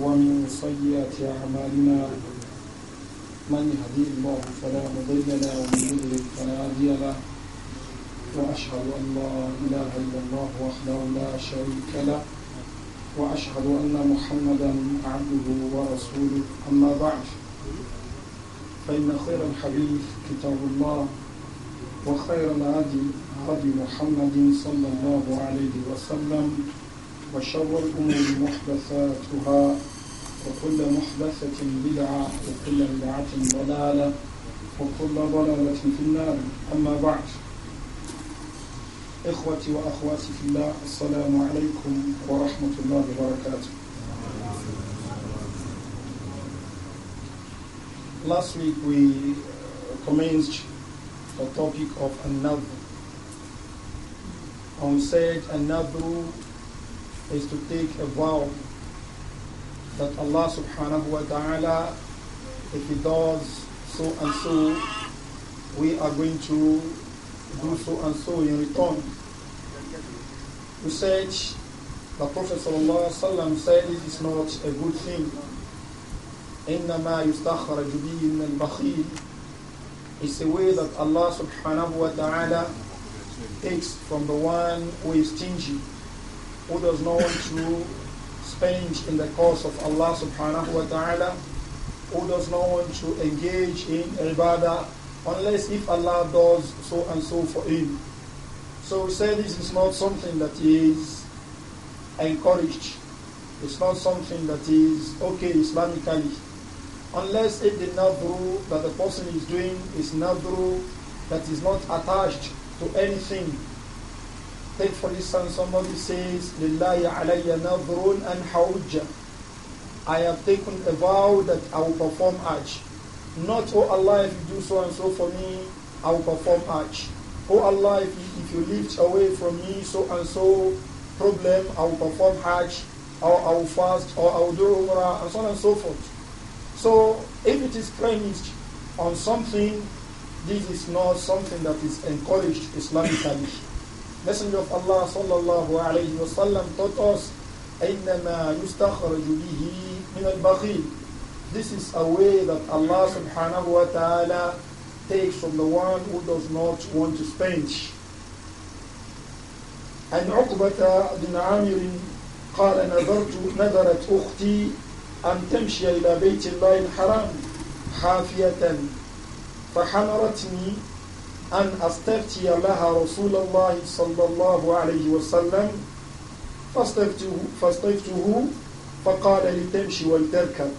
ومن سيئات أعمالنا من يهدي الله فلا مضل له ومن يضلل فلا هادي له وأشهد أن لا إله إلا الله وحده لا شريك له وأشهد أن محمدا عبده ورسوله أما بعد فإن خير الحديث كتاب الله وخير الهدي هدي محمد صلى الله عليه وسلم وشر الأمور محدثاتها وكل محدثة بدعة وكل بدعة ضلالة وكل ضلالة في النار أما بعد إخوتي وأخواتي في الله السلام عليكم ورحمة الله وبركاته Last week we uh, commenced the topic of another. And said another is to take a vow that Allah subhanahu wa ta'ala, if He does so and so, we are going to do so and so in return. We said the Prophet ﷺ said it is not a good thing. إنما يستخرج به من البخيل It's a way that Allah subhanahu wa ta'ala takes from the one who is stingy who does not want to spend in the cause of Allah subhanahu wa ta'ala, who does not want to engage in ibadah unless if Allah does so and so for him. So we say this is not something that is encouraged. It's not something that is okay Islamically. Unless if the nadru that the person is doing is nadru that is not attached to anything Take for instance, somebody says, Lillahi alayya nadhrun and hawjah. I have taken a vow that I will perform Hajj. Not, oh Allah, if you do so and so for me, I will perform Hajj. Oh Allah, if you, if you lift away from me so and so problem, I will perform Hajj, or I will fast, or I will do Umrah, and so on and so forth. So, if it is premised on something, this is not something that is encouraged Islamically. Messenger of Allah sallallahu alayhi wa sallam taught us, أينما يُسْتَخْرَجُ بِهِ مِنَ الْبَخِيلِ This is a way that Allah subhanahu wa ta'ala takes from the one who does not want to spend. عن عقبة بن عامر قال نذرت نذرت أختي أن تمشي إلى بيت الله الحرام حافية فحمرتني أن أستفتي لها رسول الله صلى الله عليه وسلم فاستفتوه, فاستفتوه فقال لتمشي ولتركب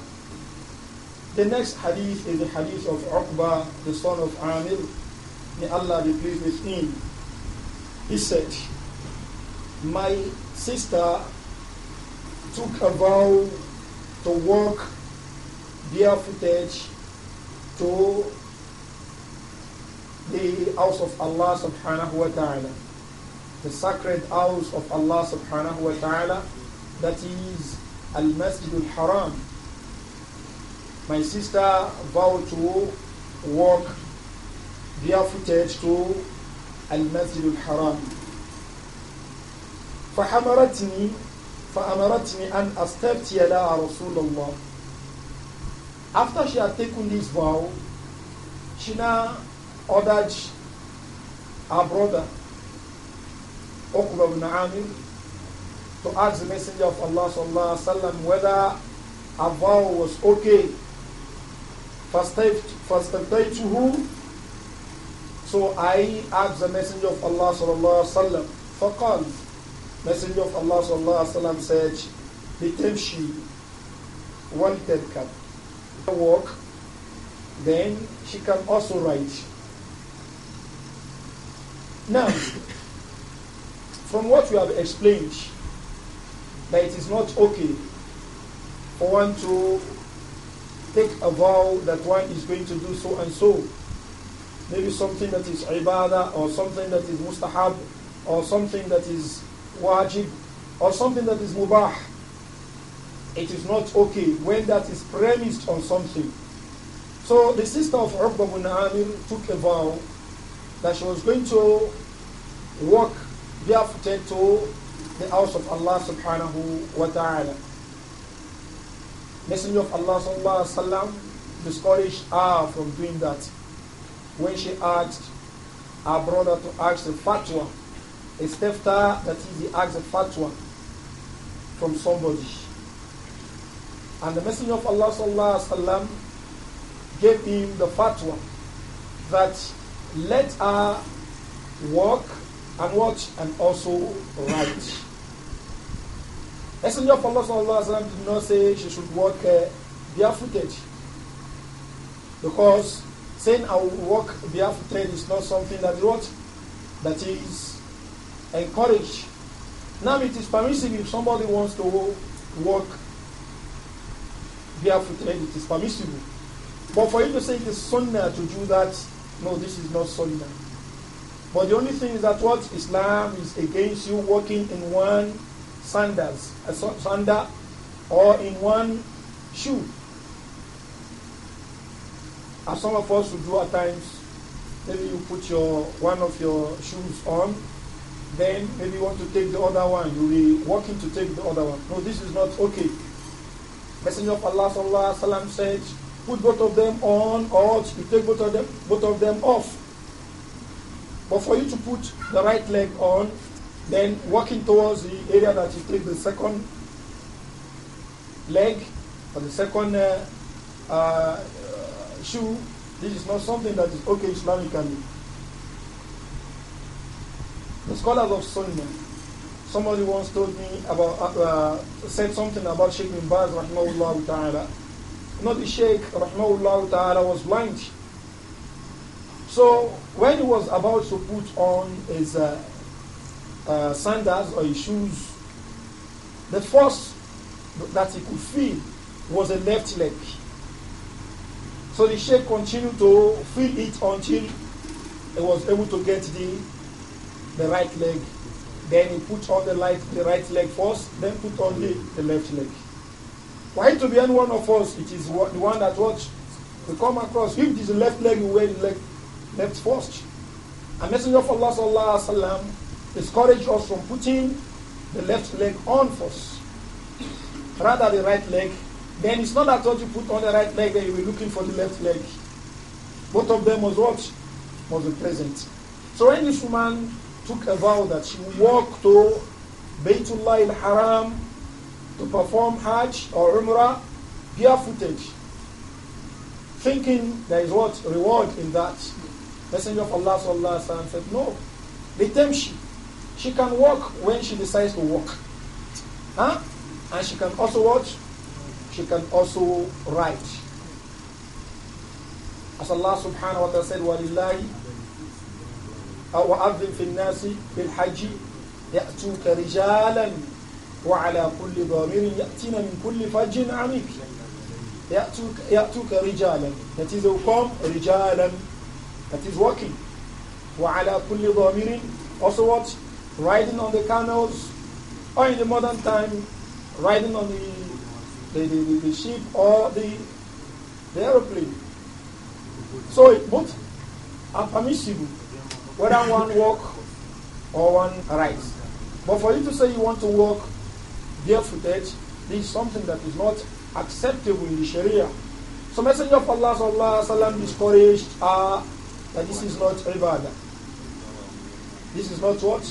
The next hadith is the hadith of Uqba, the son of Amir. May Allah be pleased with him. He said, My sister took a vow to walk barefooted to the house of Allah subhanahu wa ta'ala, the sacred house of Allah subhanahu wa ta'ala, that is Al Masjid al Haram. My sister vowed to walk barefooted to Al Masjid al Haram. فحمرتني فأمرتني أن أستفتي لها رسول الله After she had taken this vow, she now ordered her brother, Uqba ibn Amir, to ask the Messenger of Allah sallallahu alaihi wasallam whether a vow was okay. first فَاسْتَبْتَيْتُهُ So I asked the Messenger of Allah sallallahu alaihi wasallam, فَقَالْ Messenger of Allah sallallahu alaihi wasallam said, بِتَمْشِي وَالْتَبْكَبْ Walk, then she can also write. Now, from what we have explained, that it is not okay for one to take a vow that one is going to do so and so. Maybe something that is ibadah or something that is mustahab or something that is wajib or something that is mubah. It is not okay when that is premised on something. So the sister of Uqba bin Amir took a vow that she was going to walk barefooted to the house of Allah subhanahu wa ta'ala. Messenger of Allah sallallahu alaihi wasallam discouraged her from doing that. When she asked her brother to ask the fatwa, a stepfather that is, he asked a fatwa from somebody. And the Messenger of Allah sallallahu alaihi wasallam gave him the fatwa that let her walk and watch and also write. Messenger of Allah sallallahu alaihi did not say she should walk uh, barefooted because saying I will walk barefooted is not something that what that is encouraged. Now it is permissible if somebody wants to walk barefooted, it is permissible. But for you to say it is sunnah to do that no, this is not solidarity. But the only thing is that what Islam is against you walking in one sandals, a sandal, or in one shoe. As some of us would do at times, maybe you put your one of your shoes on, then maybe you want to take the other one. You'll be walking to take the other one. No, this is not okay. Messenger of Allah sallallahu alaihi wasallam said, put both of them on or you take both of them, both of them off. But for you to put the right leg on, then walking towards the area that you take the second leg or the second uh, uh, shoe, this is not something that is okay Islamically. The scholars of Sunnah, somebody once told me about, uh, uh said something about Sheikh Ibn Baz, rahimahullah ta'ala not the Sheikh, rahmahullah ta'ala, was blind. So when he was about to put on his uh, uh, sandals or his shoes, the first that he could feel was a left leg. So the sheikh continued to feel it until he was able to get the the right leg. Then he put on the right the right leg first, then put on the, the left leg. Why to be any one of us, it is the one that what we come across. If this left leg, we wear left, left first. A messenger of Allah sallallahu alaihi wasallam discouraged us from putting the left leg on first, rather the right leg. Then it's not that what you put on the right leg that you were looking for the left leg. Both of them was what was the present. So when this woman took a vow that she would walk to Baytullah al-Haram to perform Hajj or Umrah barefooted, thinking there is what reward in that. Messenger of Allah sallallahu alaihi wasallam said, "No, bitamshi. She can walk when she decides to walk, huh? And she can also what? She can also write." As Allah subhanahu wa ta'ala said, وَلِلَّهِ وَأَذِّنْ فِي النَّاسِ بِالْحَجِّ يَأْتُوكَ رِجَالًا وعلى كل ضامر يأتينا من كل فج عميق يأتوك, يأتوك رجالا that is come رجالا that is walking وعلى كل ضامر also what riding on the camels or in the modern time riding on the the, the, the, the ship or the the aeroplane so it both are permissible whether one walk or one rides but for you to say you want to walk their this is something that is not acceptable in the Sharia. So Messenger of Allah sallallahu sallam, discouraged uh, that this is not ibadah. This is not what?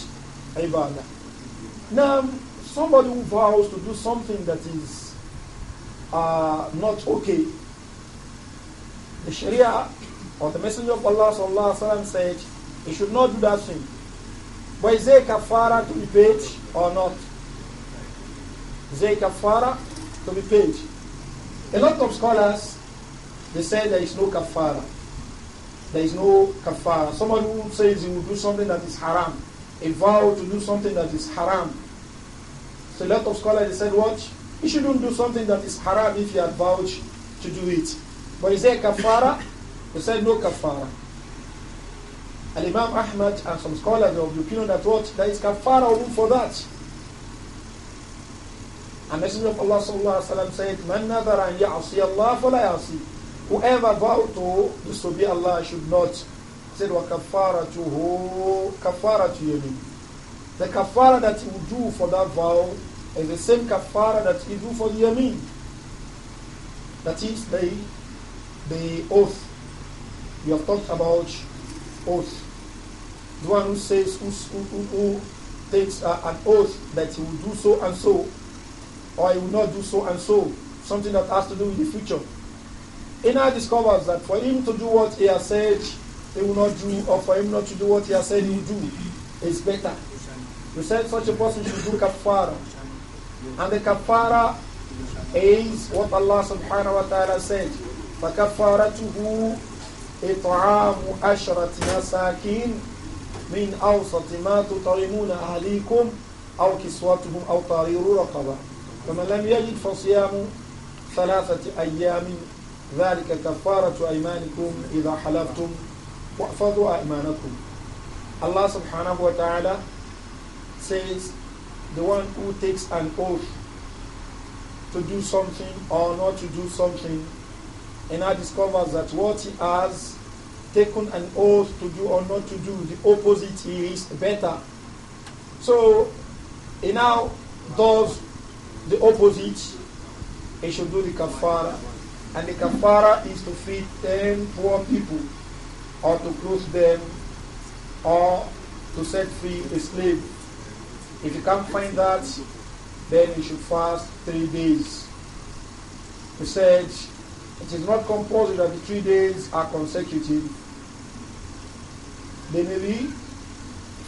Ibadah. Now, somebody who vows to do something that is uh, not okay, the Sharia or the Messenger of Allah sallallahu sallam, said, he should not do that thing. But is there kafara to be paid or not? Zay kafara to be paid. A lot of scholars, they say there is no kafara. There is no kafara. Somebody who says he will do something that is haram, a vow to do something that is haram. So a lot of scholars, they said, what? You shouldn't do something that is haram if you have vowed to do it. But is there kafara? They said no kafara. And Imam Ahmad and some scholars of the opinion that what? There is kafara room for that. And Messenger of Allah sallallahu said, Man nadara ya'asi Allah fala ya'asi. Whoever vowed to disobey Allah should not. He said, wa kafaratuhu kafaratu yamin. The kafara that he would do for that vow is the same kafara that he do for the yamin. That is the, the oath. We have talked about oath. The one who says, who, who, who takes uh, an oath that he will do so and so, or he will not do so and so, something that has to do with the future. Ina discovers that for him to do what he has said he will not do, or for him not to do what he has said he will do, is better. You said such a person should do kafara. And the kafara is what Allah subhanahu wa ta'ala said. فَكَفَّارَتُهُ إِطْعَامُ عَشْرَةِ مَسَاكِينَ مِنْ أَوْسَطِ مَا تُطَعِمُونَ أَهْلِيكُمْ أَوْ كِسْوَتُهُمْ أَوْ تَعْرِيرُ رَقَبَةٍ فمن لم يجد فصيام ثلاثة أيام ذلك كفارة أيمانكم إذا حلفتم واحفظوا أيمانكم Allah subhanahu wa ta'ala says the one who takes an oath to do something or not to do something and I discovers that what he has taken an oath to do or not to do the opposite is better so he now does the opposite, he should do the kafara. And the kafara is to feed 10 poor people, or to clothe them, or to set free a slave. If you can't find that, then you should fast three days. He said, it is not compulsory that the three days are consecutive. They may be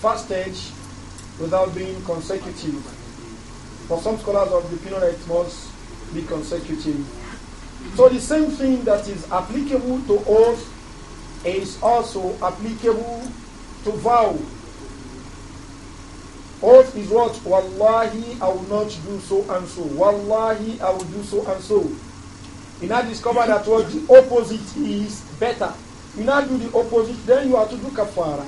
fasted without being consecutive. For some scholars of the opinion it must be consecutive. So the same thing that is applicable to oath is also applicable to vow. Oath is what? Wallahi, I will not do so and so. Wallahi, I will do so and so. You now discover that what the opposite is better. You now do the opposite, then you are to do kafara.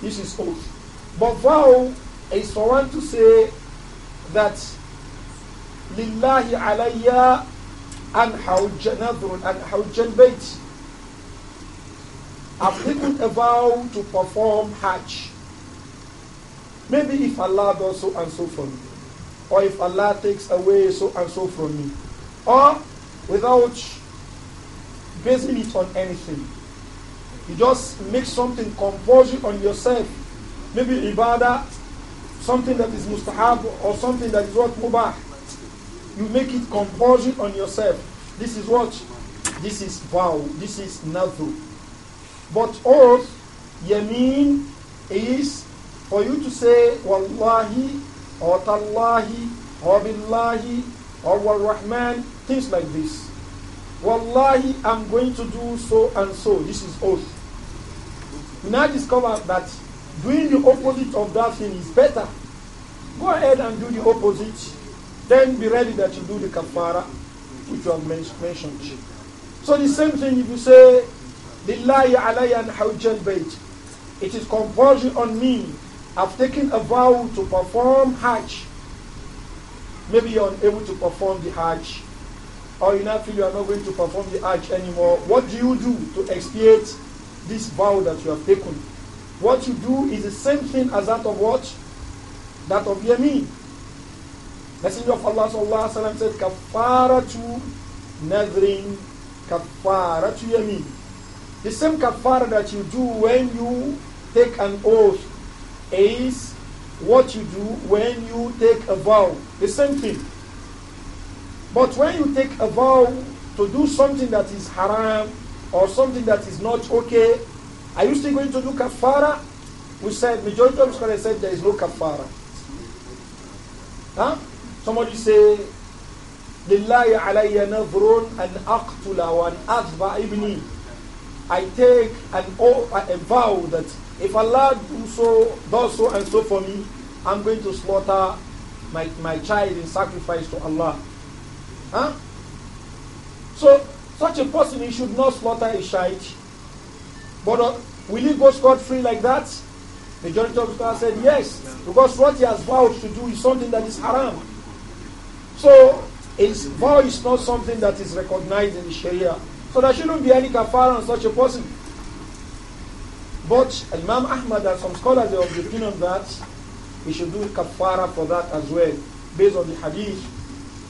This is oath. But vow is for one to say, that Lillahi alayya an hawjanadrun an hawjan bait. I've taken a vow to perform Hajj. Maybe if Allah does so and so for me, or if Allah takes away so and so from me, or without basing it on anything. You just make something compulsory on yourself. Maybe ibadah something that is mustahab or something that is what mubah. You make it compulsory on yourself. This is what? This is vow. This is nadhu. But oath, yameen, is for you to say wallahi or tallahi or billahi or warrahman, things like this. Wallahi, I'm going to do so and so. This is oath. We now discover that doing the opposite of that thing is better. Go ahead and do the opposite. Then be ready that you do the kafara, which you have mentioned. So the same thing if you say, Lillahi alayya hawjal bayt. It is compulsion on me. I've taken a vow to perform Hajj. Maybe you're unable to perform the Hajj. Or you now feel you are not going to perform the Hajj anymore. What do you do to expiate this vow that you have taken? what you do is the same thing as that of what? That of Yameen. Messenger of Allah sallallahu alaihi wasallam said, "Kafaratu nadrin, kafaratu yamin." The same kafara that you do when you take an oath is what you do when you take a vow. The same thing. But when you take a vow to do something that is haram or something that is not okay, are you still going to do kafara? We said, majority of scholars said there is no kafara. Huh? Somebody say, لله علي نذر أن أقتل وأن أذبح ابني I take an oath, a vow that if Allah do so, does so and so for me, I'm going to slaughter my, my child in sacrifice to Allah. Huh? So, such a person, he should not slaughter a child. But uh, will he go scot-free like that? Majority of scholars said yes, because what he has vowed to do is something that is haram. So his vow is not something that is recognized in Sharia. So there shouldn't be any kafara on such a person. But Imam Ahmad and some scholars are of the opinion that he should do kafara for that as well, based on the hadith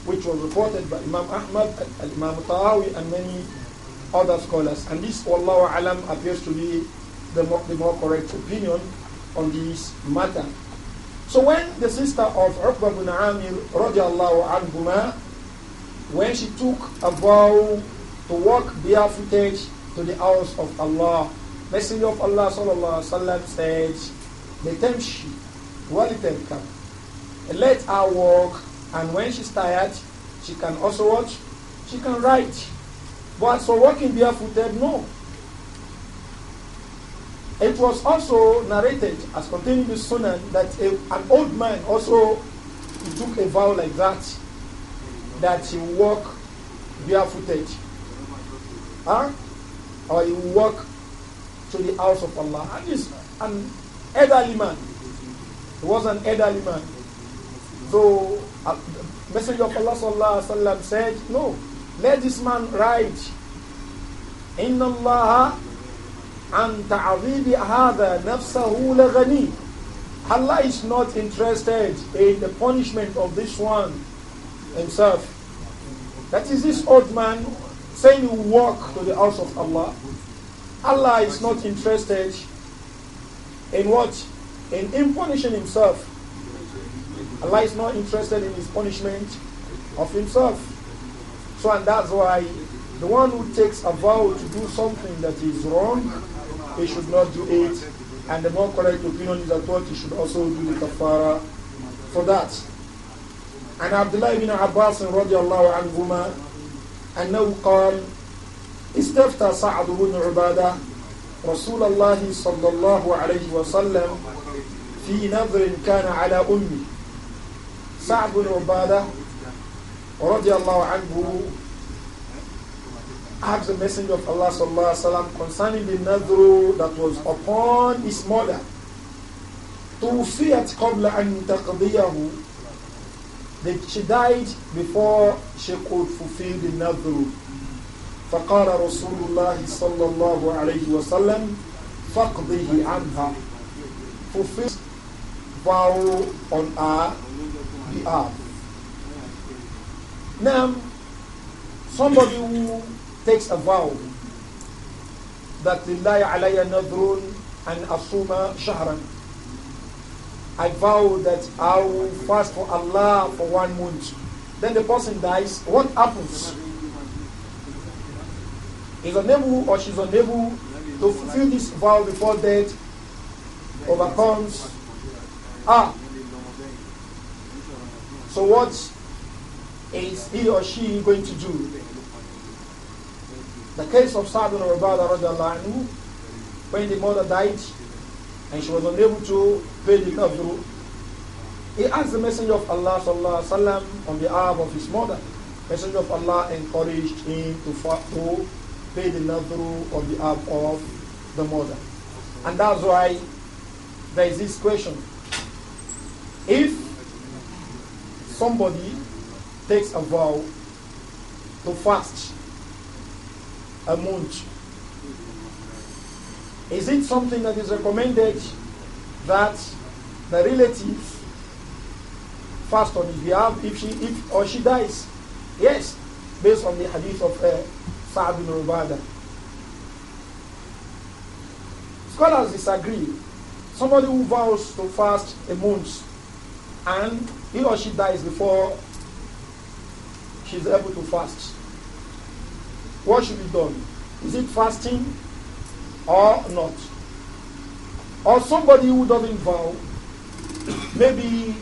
which was reported by Imam Ahmad, Imam Tahawi, and many other scholars. And this, Wallahu Alam, appears to be the more, the more correct opinion on this matter. So when the sister of Uqba bin Amir radiallahu anhuma, when she took a vow to walk barefooted to the house of Allah, Messenger of Allah sallallahu sallam said, Betemshi, walitemka. Let her walk, and when she's tired, she can also watch, she can write. But for walking barefooted, no. It was also narrated as containing the Sunan that a, an old man also took a vow like that, that he walk barefooted. Huh? Or he walk to the house of Allah. And he's an elderly man. He was an elderly man. So, uh, Messenger of Allah sallallahu said, no, let this man write, إن الله عن تعظيم هذا نفسه Allah is not interested in the punishment of this one himself. That is this old man saying you walk to the house of Allah. Allah is not interested in what? In him punishing himself. Allah is not interested in his punishment of himself. So and that's why the one who takes a vow to do something that is wrong, he should not do it. And the more correct opinion is that what he should also do the kafara for that. And Abdullah ibn Abbas رضي الله عنهما أنه قال استفتى سعد بن عبادة رسول الله صلى الله عليه وسلم في نظر كان على أمي سعد بن عبادة رضي الله عنه asked the Messenger of Allah sallallahu concerning the nadru that was upon his mother. توفيت kubla and تقضيه that she died before she could fulfill the nadru. فقال رسول الله صلى الله عليه وسلم فقضيه عنها fulfill vow on our behalf. Now, somebody who takes a vow that لِلَّهِ alayya nadrun and asuma شَهْرًا I vow that I will fast for Allah for one month. Then the person dies. What happens? He's unable or she's unable to fulfill this vow before death overcomes. Ah. So what is he or she going to do? The case of Sa'd ibn Ubadah when the mother died and she was unable to pay the qadr, he asked the Messenger of Allah sallallahu alaihi wasallam on behalf of his mother. Messenger of Allah encouraged him to, to pay the nadru on behalf of the mother. And that's why there is this question. If somebody takes a vow to fast a month. Is it something that is recommended that the relative fast on his behalf if she if or she dies? Yes, based on the hadith of uh, Sa'd bin Ubada. Scholars disagree. Somebody who vows to fast a month and he or she dies before she's able to fast what should be done? Is it fasting or not? Or somebody who doesn't vow, maybe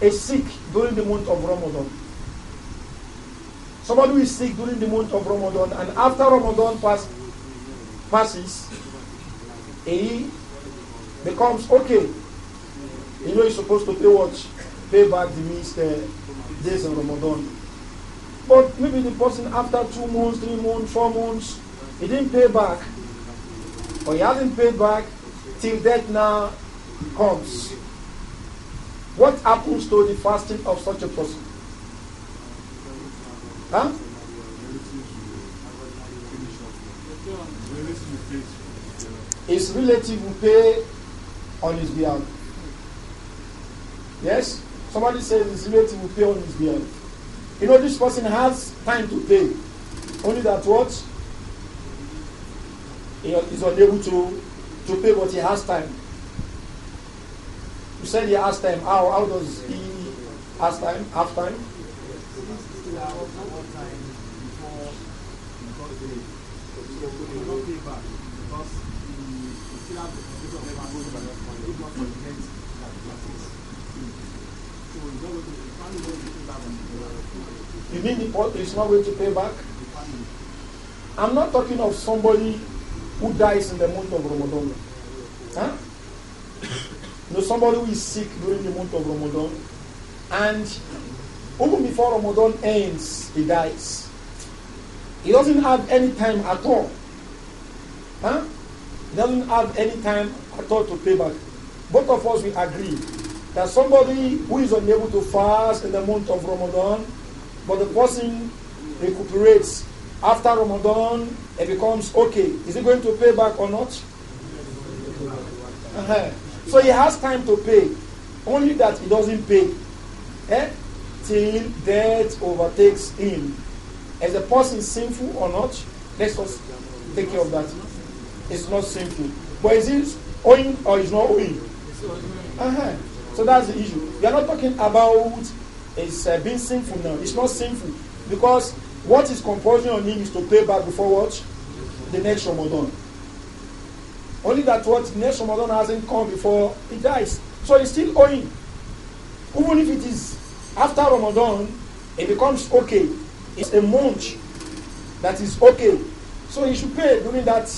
a sick during the month of Ramadan. Somebody who is sick during the month of Ramadan, and after Ramadan pass, passes, he becomes okay. You know, he's supposed to pay what? Pay back the missed uh, days in Ramadan. But maybe the person after two months, three months, four months, he didn't pay back. Or he hasn't paid back till death now comes. What happens to the fasting of such a person? Huh? His relative will pay on his behalf. Yes? Somebody says his relative will pay on his behalf. You know, this person has time to pay. Only that what? He is unable to, to pay, but he has time. You said he has time. How, how does he has time? Have time? You mean it's not going to pay back? I'm not talking of somebody who dies in the month of Ramadan. Huh? No, somebody who is sick during the month of Ramadan, and even before Ramadan ends, he dies. He doesn't have any time at all. Huh? He doesn't have any time at all to pay back. Both of us will agree that somebody who is unable to fast in the month of Ramadan, but the person recuperates after Ramadan, it becomes okay. Is he going to pay back or not? Uh -huh. So he has time to pay, only that he doesn't pay eh? till death overtakes him. Is the person sinful or not? Let's just take care of that. It's not sinful. But is it owing or is not owing? Uh -huh. So that's the issue. We are not talking about it's uh, being sinful now. It's not sinful because what is compulsion on him is to pay back before what the next Ramadan. Only that what next Ramadan hasn't come before he dies, so he's still owing. Even if it is after Ramadan, it becomes okay. It's a month that is okay, so he should pay during that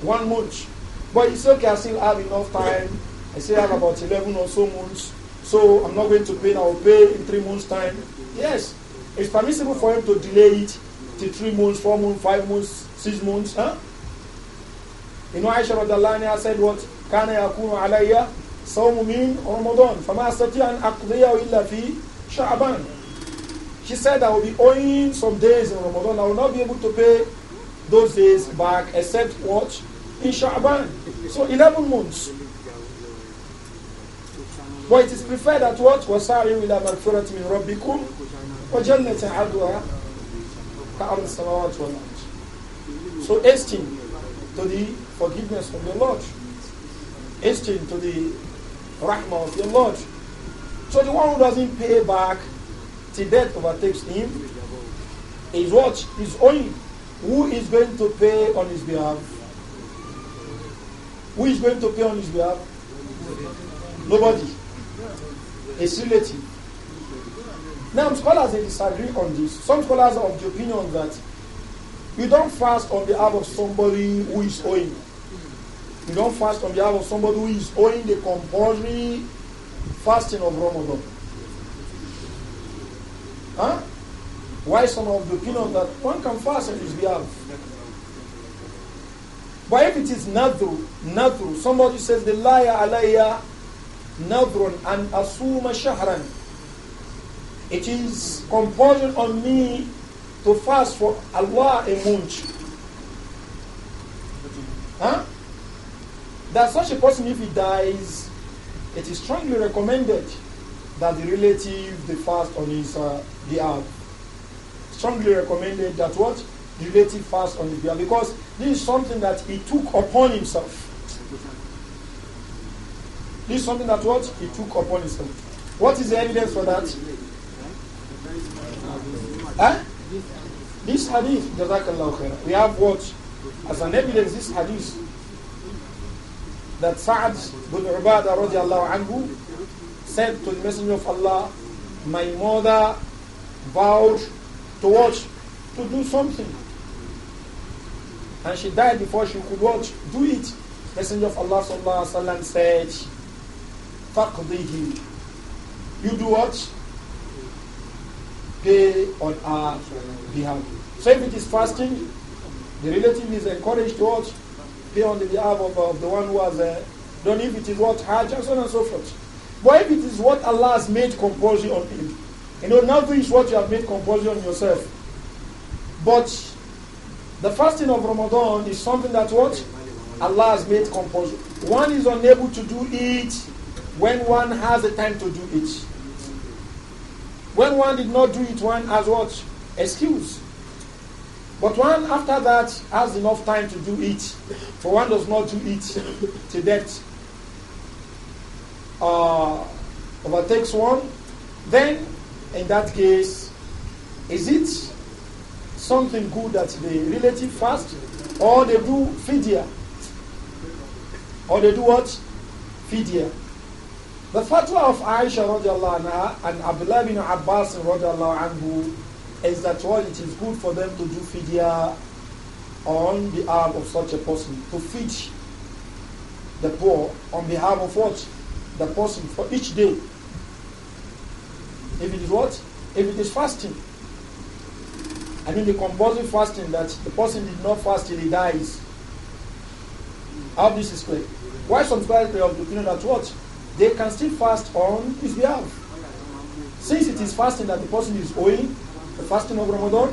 one month. But it's okay. I still have enough time I say I have about 11 or so months, so I'm not going to pay, I'll pay in three months' time. Yes, it's permissible for him to delay it to three months, four months, five months, six months. Huh? You know, Aisha Radalani said what? كان يكون علي صوم من رمضان فما استطيع أن أقضيه إلا في شعبان she said I will be owing some days in Ramadan. I will not be able to pay those days back except what? In Sha'ban. So 11 months. But it is preferred that what وَسَعْيُوا إِلَى مَغْفِرَةٍ مِنْ رَبِّكُمْ وَجَنَّةٍ عَرْضُهَا كَأَرْضِ السَّمَاوَاتِ وَالْأَرْضِ So hasten to the forgiveness of the Lord. Hasten to the rahmah of the Lord. So the one who doesn't pay back the debt overtakes him is what? Is owing. Who is going to pay on his behalf? Who is going to pay on his behalf? Nobody relative. Now, scholars they disagree on this. Some scholars are of the opinion that you don't fast on behalf of somebody who is owing. You don't fast on behalf of somebody who is owing the compulsory fasting of Ramadan. Huh? Why some of the opinion that one can fast on his behalf? But if it is not true, somebody says the liar, a liar nadrun an asuma shahran. It is compulsion on me to fast for Allah a month. Huh? That such a person, if he dies, it is strongly recommended that the relative the fast on his uh, behalf. Strongly recommended that what? The relative fast on his behalf. Because this is something that he took upon himself. This is something that what he took upon himself. What is the evidence for that? Huh? This hadith, Jazakallah khair. We have what? As an evidence, this hadith that Sa'ad bin Ubadah radiallahu anhu said to the Messenger of Allah, My mother vowed to watch, to do something. And she died before she could watch, do it. Messenger of Allah sallallahu said, فَقْضِهِ You do what? Pay on our behalf. So if it is fasting, the relative is encouraged to what? Pay on the behalf of, of the one who has uh, done if it is what Hajj and so on and so forth. But if it is what Allah has made compulsory on him, you know, nothing is what you have made compulsory on yourself. But the fasting of Ramadan is something that what Allah has made compulsory. One is unable to do it when one has the time to do it. When one did not do it, one has what? Excuse. But one after that has enough time to do it, for one does not do it to death uh, overtakes one. Then, in that case, is it something good that they relative fast, or they do fidya, or they do what? Fidya. The fatwa of Aisha radiallahu anha and Abdullah bin Abbas radiallahu anhu is that what it is good for them to do fidya on behalf of such a person, to feed the poor on behalf of what? The person for each day. If it is what? If it is fasting. I mean the compulsory fasting that the person did not fast till he dies. How this is clear. Why some scholars are of the opinion that what? they can still fast on his behalf. Since it is fasting that the person is owing, the fasting of Ramadan,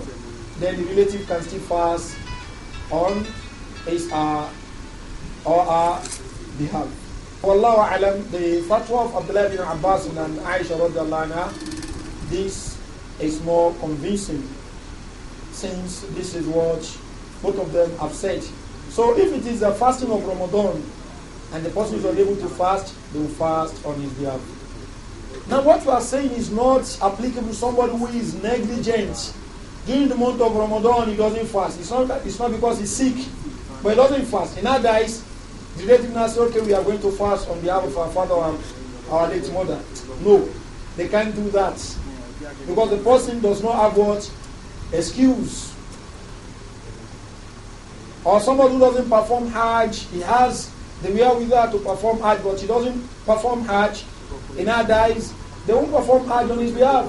then the relative can still fast on his uh, or her behalf. Wallahu alam, the fatwa of Abdullah bin Abbas and Aisha radiallahu anha, this is more convincing since this is what both of them have said. So if it is the fasting of Ramadan and the person is unable to fast, they will fast on his behalf. Now, what you are saying is not applicable to somebody who is negligent. During the month of Ramadan, he doesn't fast. It's not, it's not because he's sick, but he doesn't fast. In other eyes, the relative now say, okay, we are going to fast on behalf of our father and our late mother. No, they can't do that. Because the person does not have what? Excuse. Or somebody who doesn't perform Hajj, he has the were with her to perform Hajj, but she doesn't perform Hajj. In her dies, they won't perform Hajj on his behalf.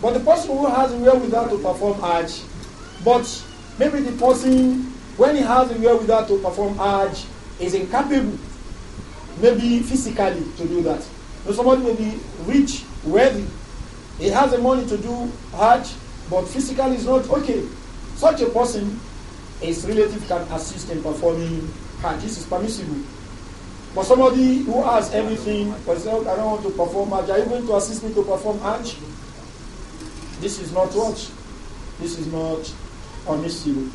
But the person who has with her to perform Hajj, but maybe the person, when he has with her to perform Hajj, is incapable, maybe physically, to do that. So somebody may be rich, wealthy, he has the money to do Hajj, but physically is not okay. Such a person his relative can assist in performing Hajj. This is permissible. But somebody who has everything, for says, I don't want to perform Hajj, are you going to assist me to perform Hajj? This is not what? This is not permissible.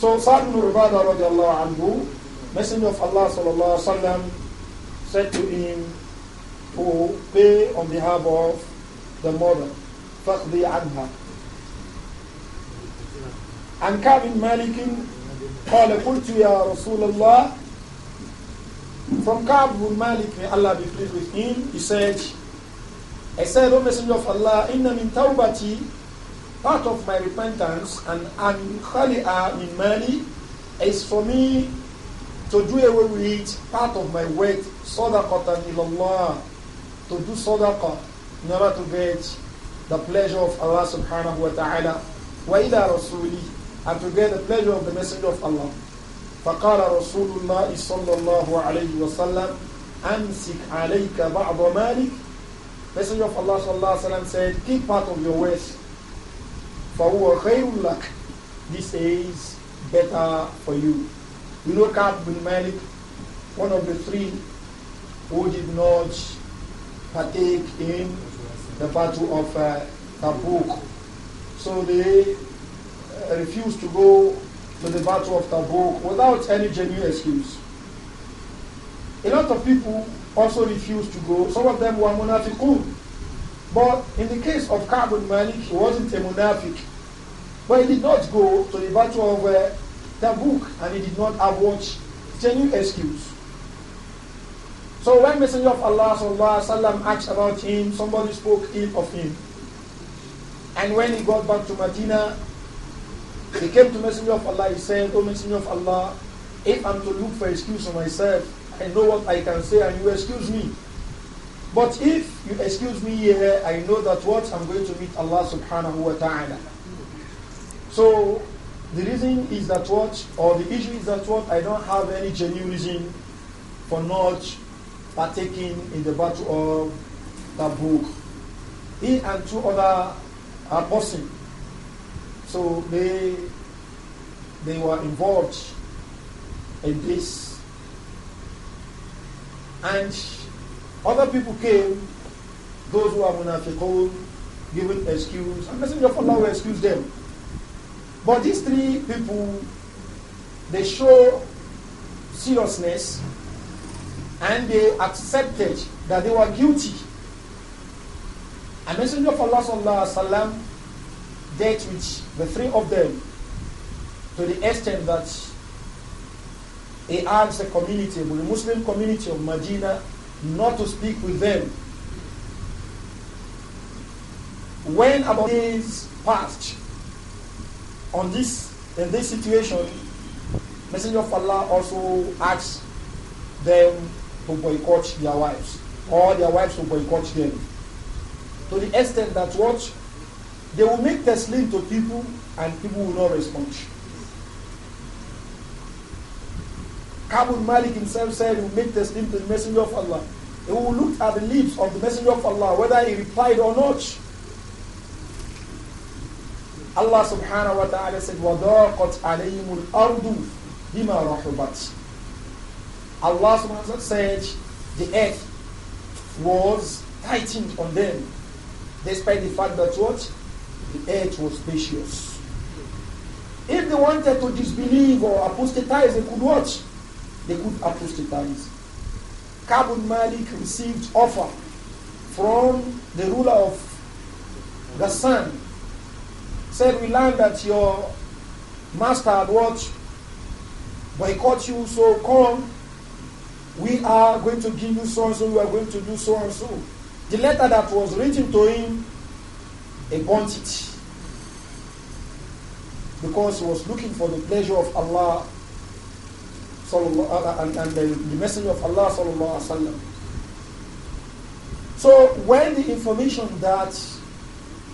So Sa'd ibn Ubadah radiallahu anhu, Messenger of Allah sallallahu alayhi wa sallam, said to him, to pay on behalf of the mother, فَقْضِي Anha. عن كعب مالك قال قلت يا رسول الله From Ka'b ibn Malik, may Allah be pleased with him, he said, I said, O Messenger of Allah, inna min tawbati, part of my repentance, and an khali'a min mali, is for me to do away with part of my wealth, sadaqatan ilallah, to do sadaqah, in order to get the pleasure of Allah subhanahu wa ta'ala, wa ila rasulih, and to get the pleasure of the Messenger of Allah. فقال رسول الله صلى الله عليه وسلم أمسك عليك بعض مالك Messenger of Allah صلى الله عليه وسلم said keep part of your wealth فهو خير لك This is better for you. You know Ka'b bin Malik, one of the three who did not partake in the battle of uh, Tabuk. So they refused to go to the Battle of Tabuk without any genuine excuse. A lot of people also refused to go. Some of them were munafiqun. But in the case of Ka'b malik he wasn't a munafiq. But he did not go to the Battle of uh, Tabuk and he did not have what? Genuine excuse. So when Messenger of Allah وسلم, asked about him, somebody spoke ill of him. And when he got back to Medina, he came to Messenger of Allah, he said, "O oh, Messenger of Allah, if I'm to look for excuse for myself, I know what I can say and you excuse me. But if you excuse me here, I know that what I'm going to meet Allah subhanahu wa ta'ala. So the reason is that what, or the issue is that what, I don't have any genuine reason for not partaking in the battle of Tabuk. He and two other uh, so they they were involved in this. And other people came, those who are munafiqun, giving excuse, and Messenger of Allah will excuse them. But these three people, they show seriousness and they accepted that they were guilty. And Messenger of Allah sallallahu alaihi wasallam date with the three of them to the extent that he asked the community, the Muslim community of Medina, not to speak with them. When about days passed on this in this situation, Messenger of Allah also asked them to boycott their wives, or their wives to boycott them. To the extent that what they will make teslim to people and people will not respond. Kabul Malik himself said he will make teslim to the messenger of Allah. He will look at the lips of the messenger of Allah, whether he replied or not. Allah subhanahu wa ta'ala said, وَضَاقَتْ عَلَيْهِمُ الْأَرْضُ بِمَا رَحُبَتْ Allah subhanahu wa ta'ala said, the earth was tightened on them, despite the fact that what? the earth was spacious. If they wanted to disbelieve or apostatize, they could watch. They could apostatize. Kab Malik received offer from the ruler of Ghassan. Said, we learned that your master had watched Boycott you, so come. We are going to give you so and so, we are going to do so and so. The letter that was written to him he burnt because he was looking for the pleasure of Allah and, and the, the messenger of Allah sallallahu alaihi wasallam. So when the information that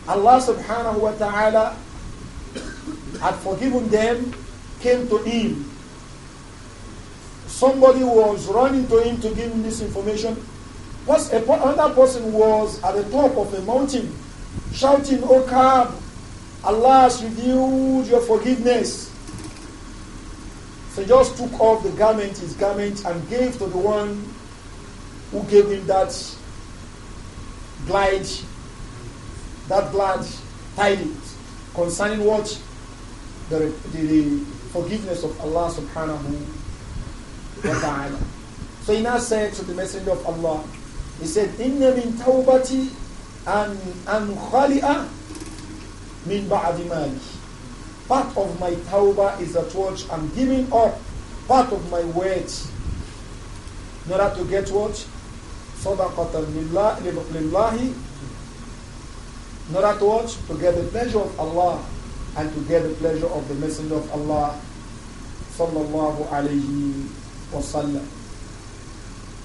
Allah subhanahu wa ta'ala had forgiven them came to him, somebody was running to him to give him this information. What's another person was at the top of a mountain shouting, O Kaab, Allah has revealed your forgiveness. So he just took off the garment, his garment, and gave to the one who gave him that glide, that glad tidings concerning what the, the, the forgiveness of Allah subhanahu wa ta'ala. So he now said to the messenger of Allah, he said, Inna min tawbati an Khalia, min ba'di mali. Part of my tawbah is that what I'm giving up part of my wealth in order to get what? Sadaqatan lillahi in order to what? To get the pleasure of Allah and to get the pleasure of the Messenger of Allah sallallahu alayhi wa sallam.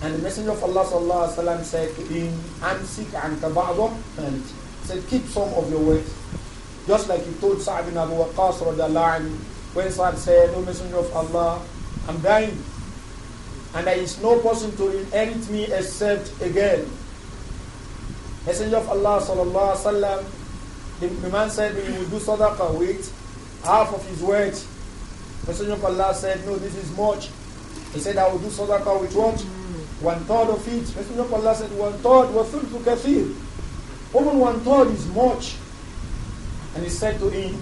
And the Messenger of Allah sallallahu alayhi wa said to him, Amsik anka said, keep some of your wealth. Just like he told Sa'd bin Abu Waqqas radiallahu anhu, when Sa'd said, O Messenger of Allah, I'm dying. And there is no person to inherit me except a girl. Messenger of Allah sallallahu alayhi wasallam, the, man said he will do sadaqah with half of his wealth. Messenger of Allah said, no, this is much. He said, I will do sadaqah with what? One third of it. Messenger of Allah said, one to وَثُلْثُ كَثِيرٌ Even one third is much. And he said to him,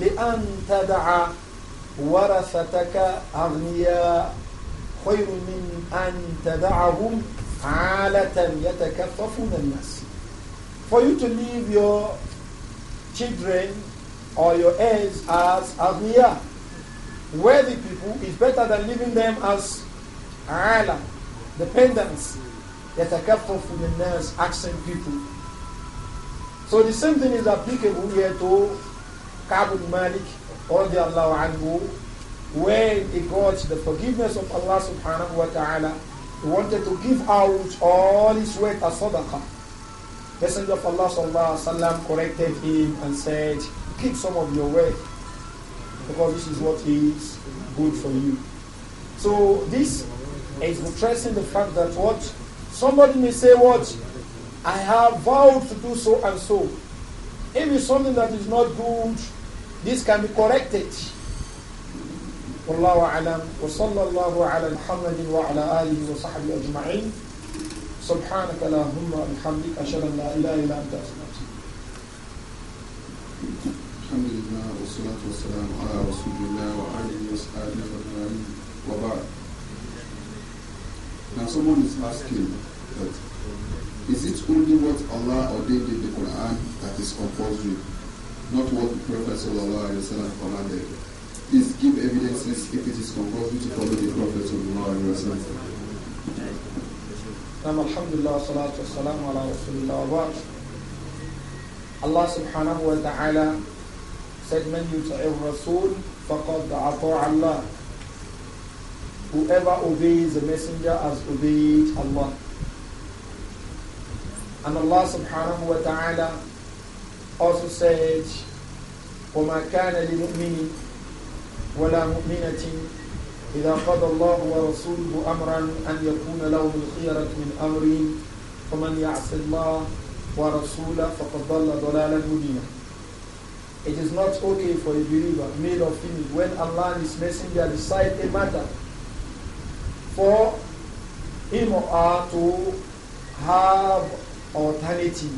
لأن تدع ورثتك أغنياء خير من أن تدعهم عالة يتكففون الناس For you to leave your children or your heirs as أغنياء worthy people is better than leaving them as عالة dependence. يتكفف للناس asking people. So the same thing is applicable here to Ka'b Malik, malik radiallahu anhu when he got the forgiveness of Allah subhanahu wa ta'ala he wanted to give out all his wealth as sadaqah. Messenger of Allah sallallahu alaihi wasallam corrected him and said keep some of your wealth because this is what is good for you. So this it's interesting the fact that what somebody may say, What I have vowed to do so and so. If it's something that is not good, this can be corrected. والله أعلم وصلى الله على محمد وعلى آله وصحبه أجمعين سبحانك اللهم وبحمدك أشهد أن لا إله إلا أنت أستغفرك الحمد لله والصلاة والسلام على رسول الله وآله وصحبه أجمعين وبعد now someone is asking that is it only what Allah ordained in the Quran that is compulsory, not what the Prophet sallallahu alaihi wasallam commanded? Please give evidences if it is compulsory to follow the Prophet sallallahu alaihi wasallam. Alhamdulillah, salatu wassalamu ala rasulillah wa Allah subhanahu wa ta'ala said, من يطع Rasul, فقد أطاع الله whoever obeys the messenger has obeyed Allah. And Allah subhanahu wa ta'ala also said, وَمَا كَانَ لِمُؤْمِنٍ وَلَا مُؤْمِنَةٍ إِذَا قَضَى اللَّهُ وَرَسُولُهُ أَمْرًا أَنْ يَكُونَ لَهُمُ الْخِيَرَةُ مِنْ أَمْرِهِمْ وَمَنْ يَعْصِ اللَّهَ وَرَسُولَهُ فَقَدْ ضَلَّ ضَلَالًا مُبِينًا It is not okay for a believer, male or female, when Allah and His Messenger decide a matter for him or her to have authority.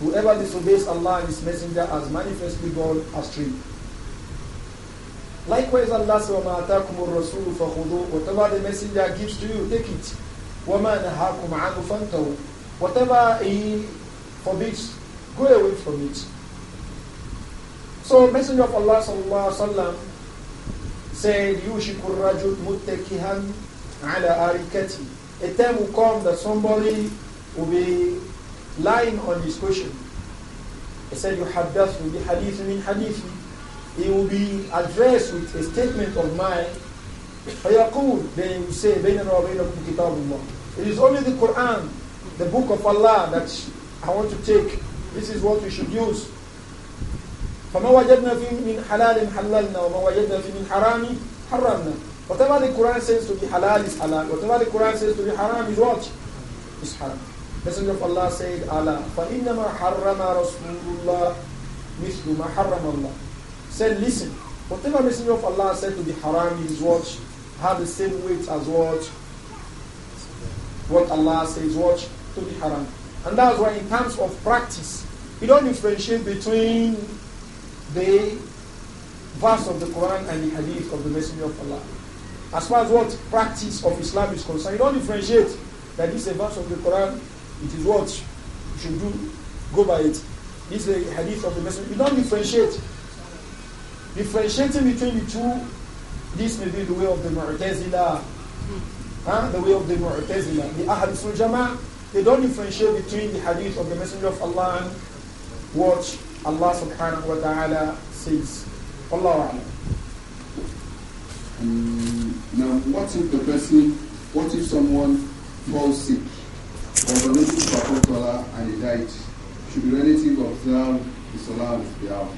Whoever disobeys Allah and His Messenger has manifestly gone astray. Likewise, Allah says, وَمَا Whatever the messenger gives to you, take it. Whatever he forbids, go away from it. So, Messenger of Allah sallallahu said, يُوشِكُ ala A time will come that somebody will be lying on his cushion. He said, "You have with the hadith, من hadith. He will be addressed with a statement of mine. فيقول then will say بيننا وبينكم كتاب الله. It is only the Quran, the book of Allah that I want to take. This is what we should use. فما وجدنا فيه من حلال حللنا وما وجدنا فيه من حرام حرمنا. Whatever the Quran says to be halal is halal. Whatever the Quran says to be haram is what? Is haram. Messenger of Allah said, Allah, فَإِنَّمَا حَرَّمَ رَسُولُ اللَّهِ مِثْلُ مَا حَرَّمَ اللَّهِ Said, listen, whatever Messenger of Allah said to be haram is what? Have the same weight as what? What Allah says what? To be haram. And that's why in terms of practice, you don't differentiate between the verse of the Quran and the hadith of the Messenger of Allah. As far as what practice of Islam is concerned, you don't differentiate that this is a verse of the Quran, it is what you should do, go by it. This is a hadith of the Messenger. You don't differentiate. Differentiating between the two, this may be the way of the Mu'tazila, huh? the way of the Mu'tazila. The Ahlul Jama'ah, they don't differentiate between the hadith of the Messenger of Allah and what Allah subhanahu wa ta'ala says. Allahu A'lam. Hmm. Now, what if the person, what if someone falls sick or the relative performed Salah and he died? Should the relative observe the Salah on be behalf?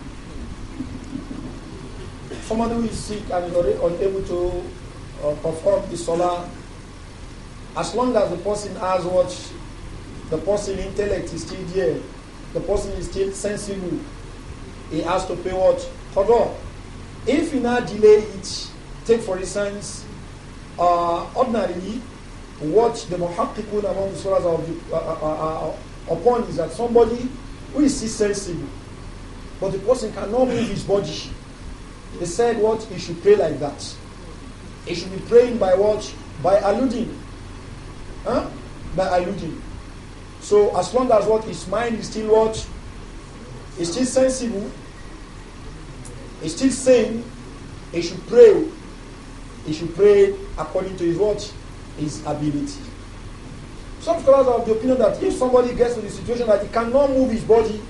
Somebody who is sick and is unable to uh, perform the Salah, as long as the person has what the person intellect is still there, the person is still sensible, he has to pay what? However, If he now delay it, take for instance, uh, ordinarily, what the muhakkikun among the scholars are, upon is that somebody who is sensible, but the person cannot move his body. They said what he should pray like that. He should be praying by what? By alluding. Huh? By alluding. So as long as what his mind is still what? Is still sensible, is still sane, he should pray he should pray according to his what? His ability. Some scholars are of the opinion that if somebody gets to the situation that he cannot move his body,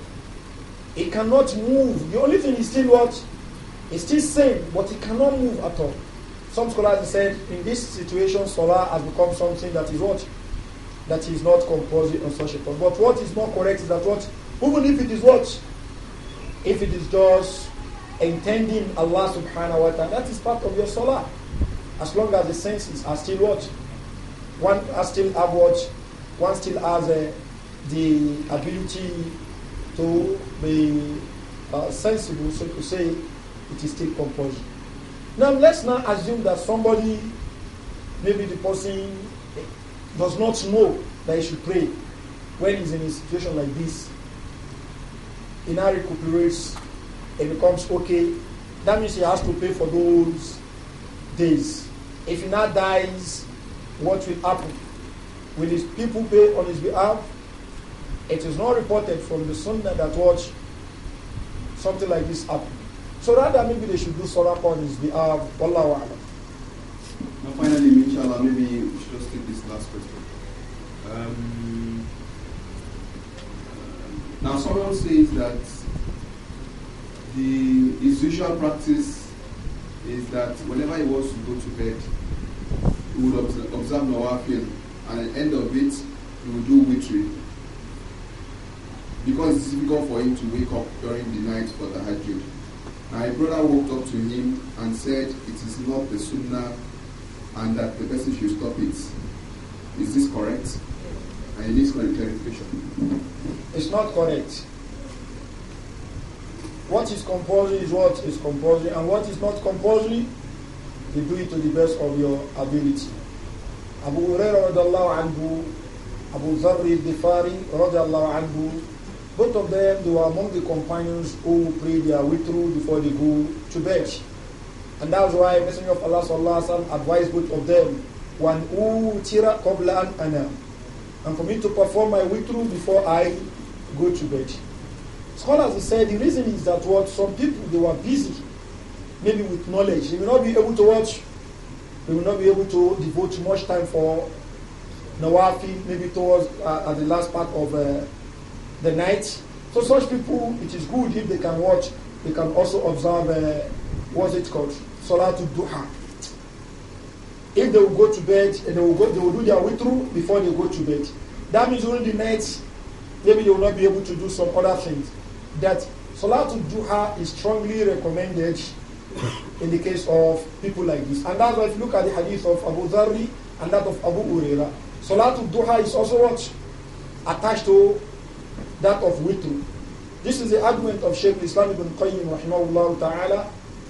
he cannot move. The only thing is still what? He's still sane, but he cannot move at all. Some scholars said in this situation, Salah has become something that is what? That is not composite on such a point. But what is more correct is that what? Even if it is what? If it is just intending Allah subhanahu wa ta'ala, that is part of your Salah. As long as the senses are still what? One are still have what? One still has uh, the ability to be uh, sensible, so to say, it is still composed. Now let's now assume that somebody, maybe the person does not know that he should pray when he's in a situation like this. He now recuperates and becomes okay. That means he has to pay for those days. If he now dies, what will happen? Will his people pay on his behalf? It is not reported from the Sunnah that watch something like this happen. So rather maybe they should do solar on his behalf. allah a'lam. Now finally, inshallah, maybe we should just take this last question. Um, now someone says that the, his usual practice is that whenever he wants to go to bed, he would observe, observe Nawafil, and at the end of it, he would do witr. Because it's difficult for him to wake up during the night for the hajj. My brother walked up to him and said, It is not the sunnah and that the person should stop it. Is this correct? And it needs clarification. It's not correct. What is compulsory is what is compulsory, and what is not compulsory, you do it to the best of your ability. Abu Hurairah radiallahu anhu, Abu Dharr al radiallahu anhu, both of them, they were among the companions who prayed their witru before they go to bed. And that's why Messenger of Allah sallallahu alaihi wasallam advised both of them, one utira qabla an ana, and for me to perform my witru before I go to bed. Scholars have said the reason is that what some people they were busy, maybe with knowledge. They will not be able to watch, they will not be able to devote much time for Nawafi, maybe towards uh, at the last part of uh, the night. So such people, it is good if they can watch, they can also observe, uh, what's it called, to Duha. If they will go to bed and they will, go, they will do their way through before they go to bed. That means during the night, maybe they will not be able to do some other things that Salatul Duha is strongly recommended in the case of people like this. And that's why if you look at the hadith of Abu Dharri and that of Abu Uraira, Salatul Duha is also what? Attached to that of Witr. This is the argument of Shaykh Islam ibn Qayyim rahimahullah ta'ala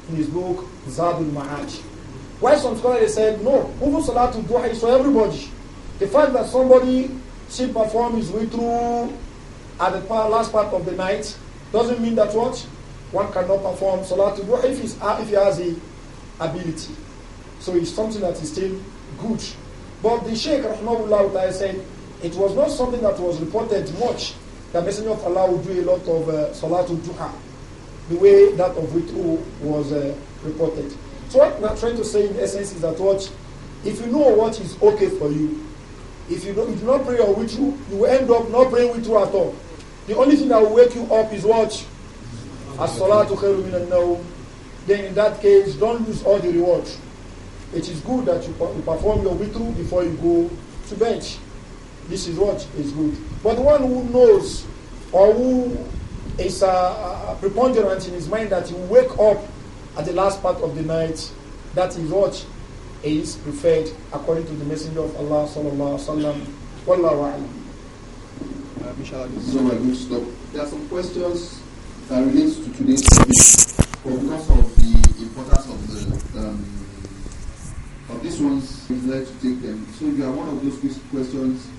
in his book Zadul Ma'aj. Why some scholars said, no, Ubu Salatul Duha is for everybody. The fact that somebody should perform his witu at the last part of the night doesn't mean that what? One cannot perform Salatul Duha if, uh, if he has the ability. So it's something that is still good. But the Shaykh Rahmahullah said it was not something that was reported much. The Messenger of Allah would do a lot of uh, Salatul Duha, the way that of withdrawal was uh, reported. So what we're trying to say in essence is that what, if you know what is okay for you, if you, do, if you do not pray or with you will end up not praying you at all. The only thing that will wake you up is what? As-salatu khairumin minan nawm. Then in that case, don't lose all the rewards. It is good that you, perform your witru before you go to bed. This is what is good. But one who knows or who is a uh, uh, preponderant in his mind that he will wake up at the last part of the night, that is what is preferred according to the Messenger of Allah sallallahu alaihi wasallam. Wallahu a'lam uh, Inshallah. So we're going to stop. There are some questions that relates to today's topic, but because of the importance of the um, of these ones, we'd like to take them. So if you are one of those questions